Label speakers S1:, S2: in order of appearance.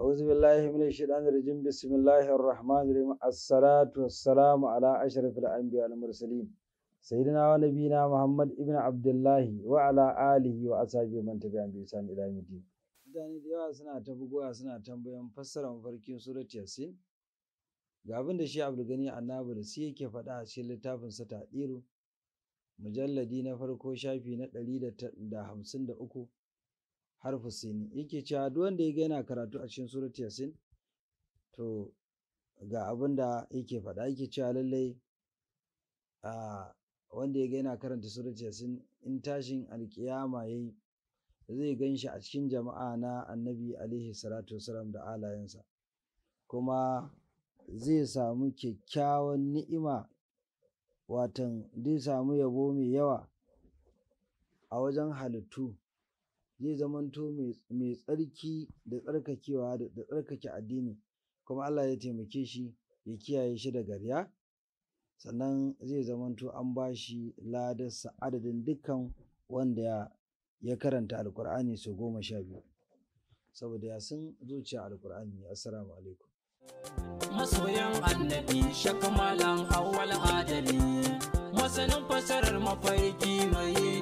S1: أعوذ بالله من الشيطان الرجيم بسم الله الرحمن الرحيم الصلاة والسلام على أشرف الأنبياء والمرسلين سيدنا ونبينا محمد ابن عبد الله وعلى آله وأصحابه من تبعهم بإحسان إلى يوم الدين mutane da yawa suna ta bugowa suna tambayan fassara mafarkin surat yasin ga abin da shi abdulgani annabi da su yake faɗa a cikin littafin sa tadiru mujalladi na farko shafi na ɗari da hamsin da uku har sini yake cewa duk wanda ya gaina karatu a cikin surati yasin to ga abin da yake faɗa yake cewa lallai a wanda ya gaina karanta surati yasin in tashin alkiyama yayi zai gan shi a cikin jama'a na annabi alaihi salatu wasalam da alayensa kuma zai samu kyakkyawan ni'ima watan zai samu yabo mai yawa a wajen halittu zai zamanto mai tsarki da tsarkakewa da tsarkake addini kuma Allah ya taimake shi ya kiyaye shi daga riya sannan zai zamanto an ba shi ladarsa adadin dukkan wanda ya karanta alkur'ani sau goma sha biyu saboda ya san zuciya alkur'ani assalamu alaikum
S2: masoyan annabi shakamalan awwal adali masanin fasarar mafarki mai